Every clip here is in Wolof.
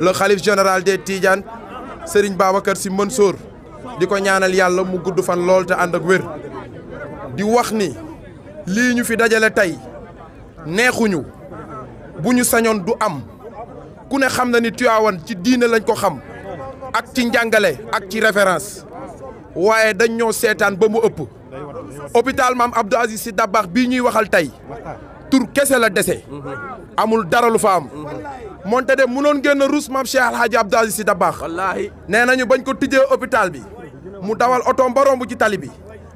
le xalif général des Tidiane Serigne Babacar Sy Mansour di ko ñaanal yàlla mu gudd fan loolu te ànd ak wér di wax ni lii ñu fi dajale tey neexuñu bu ñu sañoon du am ku ne xam na ni Tivaouane ci diine lañ ko xam ak ci njàngale ak ci référence waaye dañ ñoo seetaan ba mu ëpp hôpital maam Abdou Aziz Sy Dabakh bii ñuy waxal tey tur kese la dese amul dara lu fa am moonte de noon génn rus maam Cheikh Al Hadj Abdou Aziz Sy Dabakh nee nañu bañ ko tijjee hôpital bi mu dawal otoom ba romb ci tali bi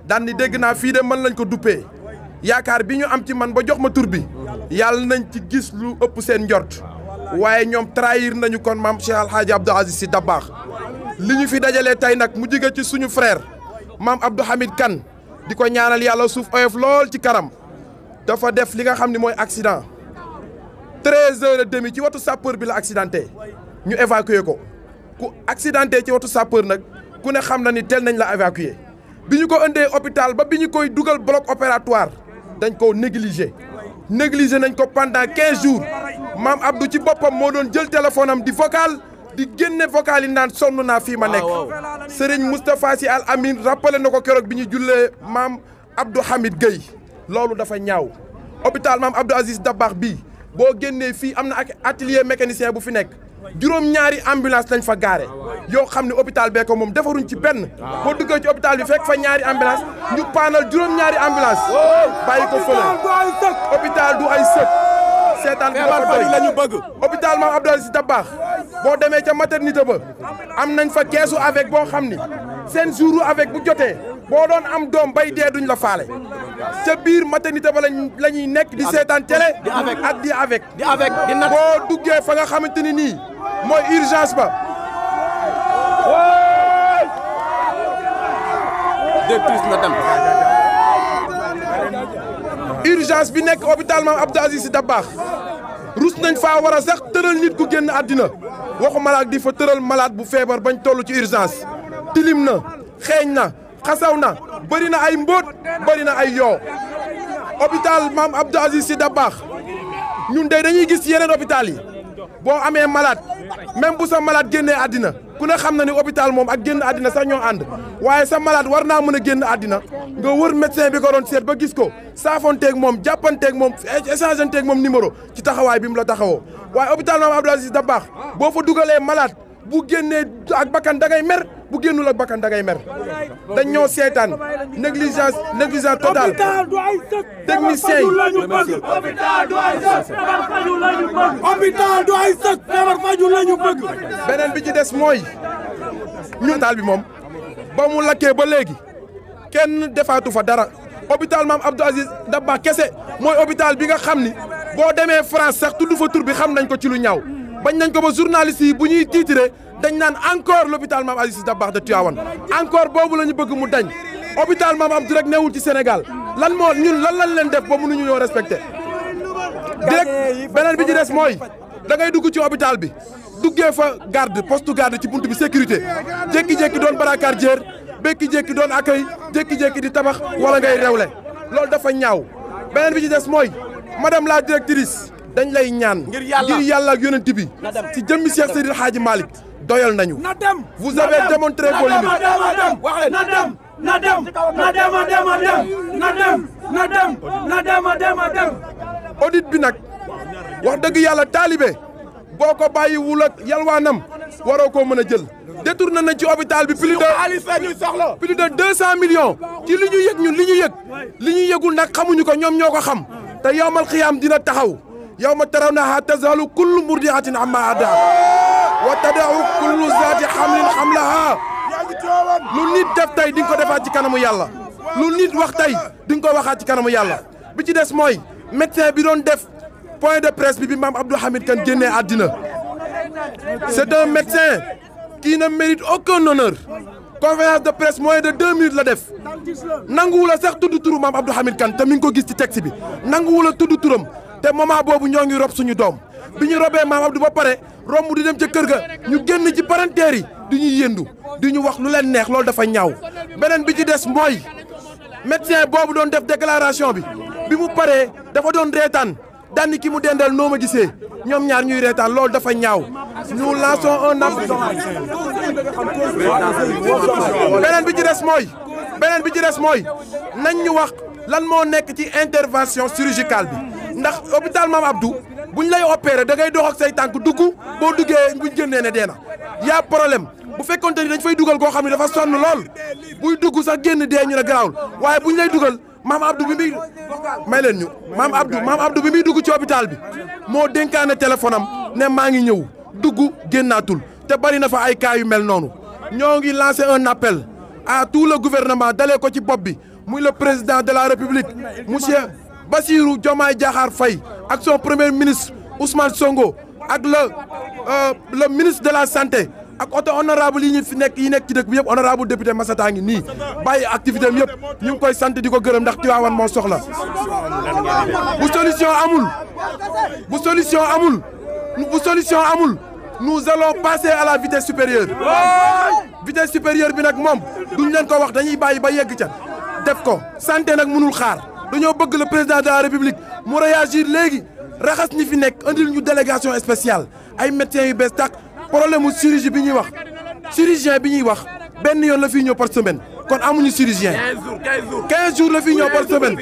daan ni dégg naa fii de mën lañ ko duppee yaakaar bi ñu am ci man ba jox ma tur bi yàlla nañ ci gis lu ëpp seen njort waaye ñoom trahir nañu kon maam Cheikh Al Hadj Abdou si Sy Dabakh li ñu fi dajalee tey nag mu jige ci suñu frère maam Abdou Hamid kan di ko ñaanal yàlla suuf oyof lool ci karam dafa def li nga xam ne mooy accident. treize heures et demie ci watu sapeur bi la accidenté ñu évacuer ko ku accidenté ci watu sapeur nag ku ne xam na ni teel nañ la évacuer bi ñu ko indee hôpital ba bi ñu koy dugal bloc opératoire dañ ko négligé négligé nañ ko pendant quinze jours maam Abdou ci boppam moo doon jël téléphone am di vocal di génne vocal yi naan sonn naa fii ma nekk ah, Serigne Moustapha Sy Al Amin rappelé na ko keroog bi ñu jullee maam Abdou Hamid Gueye loolu dafa ñaaw hôpital maam Abdou Aziz Dabakh bii boo génnee fii am na ak atelier mécanicien bu fi nekk juróom ñaari ambulance lañ fa gaare yoo xam ne hôpital bee ko moom defaruñ ci benn boo duggee ci hôpital bi fekk fa ñaari ambulance ñu paanal juróom ñaari ambulance bàyyi ko fële hôpital du ay sëkk seetaan bi dafa doy la bëgg hôpital ma Abdoulaye Sy Dabakh boo demee ca maternité ba am nañ fa keesu avec boo xam ni seen jouru avec bu jotee boo doon am doom bay dee duñ la faale ca biir maternité ba lañ la ñuy nekk di seetaan télé ak di avec di avec boo duggee fa nga xamante ni nii mooy urgence ba directrice na dem bi nekk hôpital Mame Abdou Aziz Sy Dabakh rus nañ faa war a sax tëral nit ku génn àddina waxu malaak di fa tëral malaat bu feebar bañ toll ci urgence tilim na xeeñ na xasaw na bëri na ay mbóot bëri na ay yoo hôpital maam Abdou Aziz Sy Dabakh ñun de dañuy gis yeneen hôpital yi boo amee malaat même bu sa malade génnee ku ne xam na ni hôpital moom ak génn àddina sax ñoo ànd waaye sa malade war naa mën a génn àddina nga wër médecin bi ko doon seet ba gis ko saafonteeg moom jàppanteeg moom échangeanteeg moom numéro ci taxawaay bi mu la taxawoo waaye hôpital maam Abdou Aziz Dabakh boo fa dugalee malade bu génnee ak bakkan da ngay mer bu génnul ak bakkan da ngay mer dañ ñoo seetaan négligence négligence totale technicien yi. hôpital du ay sëkk feebar faju la ñu bëgg. ñu bëgg. beneen bi ci des mooy ñun bi moom ba mu lakkee ba léegi kenn defaatu fa dara hôpital maam Abdou Aziz Dabakh kese mooy hôpital bi nga xam ni boo demee France sax tudd fa tur bi xam nañ ko ci lu ñaaw. bañ nañ ko ba journaliste yi bu ñuy tiitre dañ naan encore l'hôpital Mame Aziz Sy Dabakh de Tivaouane encore boobu la ñu bëgg mu dañ hôpital Mame am rek newul ci Sénégal lan moo ñun lan lañ leen mu ba mënuñu ñoo respecté direct beneen bi ci des mooy da ngay dugg ci hôpital bi duggee fa garde poste garde ci buntu bi sécurité jékki-jékki doon bracardier békki-jékki doon accueil jékki-jékki di tabax wala ngay rewle loolu dafa ñaaw beneen bi ci des mooy madame la directrice dañ lay ñaan ngir yàlla ak yonent bi ci jëmmi Cheikh Seydil Hadji Malick doyal nañu na dem vous avez démontré vos na dem na dem na dem a dem a dem na dem na dem na a a dem audit bi nag wax dëgg yàlla taalibe boo ko bàyyi wul ak yalwaanam waroo ko mën a jël na nañ ci hôpital bi plus de xaalis soxla plus de deux cent millions ci li ñu yëg ñun li ñu yëg li ñu yëgul nag xamuñu ko ñoom ñoo ko xam te yowmal xiyaam dina taxaw yawma tarawnaha tazalu kullu murdiatin amma adaa wa tadau kullu zaati xamlin xamlaha lu nit def tey di ko defaat ci kanamu yàlla lu nit wax tey di ko waxaat ci kanamu yàlla bi ci des mooy médecin bi doon def point de presse bi bi maam Abdou Hamid Kane génnee àddina c'est un médecin na ne mérite aucun honneur conférence de presse mooy de deux minutes la def nanguwula sax tudd turu maam Abdou Hamid Kane te mi ngi ko gis ci texte bi nanguwula tudd turam te moment boobu ñoo ngi rob suñu doom bi ñu robee maam Abdou ba pare romb di dem ca kër ga ñu génn ci parenteer yi di ñuy yëndu di ñu wax lu leen neex loolu dafa ñaaw beneen bi ci des mooy médecin boobu doon def déclaration bi bi mu paree dafa doon reetaan daan ki mu dendal noo ma gisee ñoom ñaar ñuy reetaan loolu dafa ñaaw ñu lançons un appel beneen bi ci des mooy beneen bi ci des mooy nañ ñu wax lan moo nekk ci intervention chirurgicale bi ndax hôpital Maam Abdou buñ lay opéré da ngay dox ak say tànk dugg boo duggee buñ génnee ne dee na yaa problème bu fekkonte ni dañ fay dugal koo xam ne dafa sonn lool buy dugg sax génn dee ñu ne garaawul waaye buñ lay dugal maam Abdou bi muy may leen ñu maam Abdou maam Abdou bi muy dugg ci hôpital bi moo dénkaane téléphone am ne maa ngi ñëw dugg génnaatul te bari na fa ay cas yu mel noonu ñoo ngi lancer un appel à tout le gouvernement dalee ko ci bopp bi muy le président de la république monsieur. Bassirou Diomaye Diakhar fay ak son premier ministre Ousmane Sonko ak la euh, le ministre de la santé ak oto honorable yi ñu fi nekk yi nekk ci dëkk bi yëpp honorable député Massata ngi nii bàyyi activité am yëpp koy sant di ko gërëm ndax Tiwaawan moo soxla bu solution amul bu solution amul bu solution amul nous allons passer à la vitesse supérieure vitesse supérieure bi nag moom duñ leen ko wax dañuy bàyyi ba yegg ca def ko santé nag mënul xaar dañoo bëgg le président de la république mu réagir léegi raxas ñi fi nekk andil ñu délégation spéciale ay médecins yu bees tàq problème mu bi ñuy wax chirurgien bi ñuy wax benn yoon la fiy ñëw par semaine kon amuñu chirurgien 15 jours la fi ñu par semaine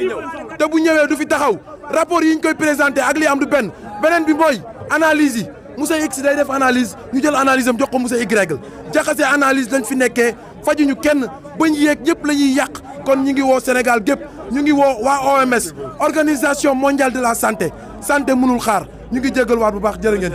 te bu ñëwee du fi taxaw rapport yi ñu koy présenté ak li am du benn beneen bi mooy analyse yi Moussa X day def analyse ñu jël analyse am jox ko Moussa Y jaxase analyse lañ fi nekkee fajuñu kenn bañ yéeg ñëpp la ñuy yàq kon ñi ngi woo Sénégal gépp ñu ngi woo waa OMS organisation mondial de la sante sante mënul xaar ñu ngi jégal waat bu baax jërë ngeen